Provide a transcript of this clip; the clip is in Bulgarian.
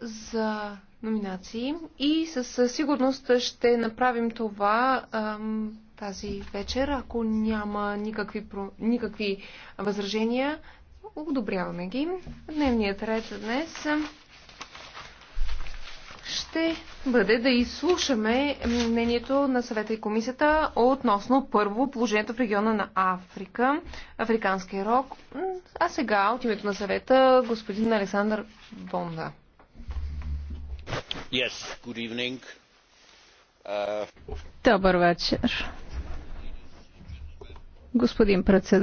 за номинации и със сигурност ще направим това тази вечер. Ако няма никакви, никакви възражения, одобряваме ги. Дневният ред днес ще бъде да изслушаме мнението на съвета и комисията относно първо положението в региона на Африка, Африканския рок. А сега от името на съвета господин Александър Бонда. Yes, good evening. Uh... Добър вечер. Господин председател,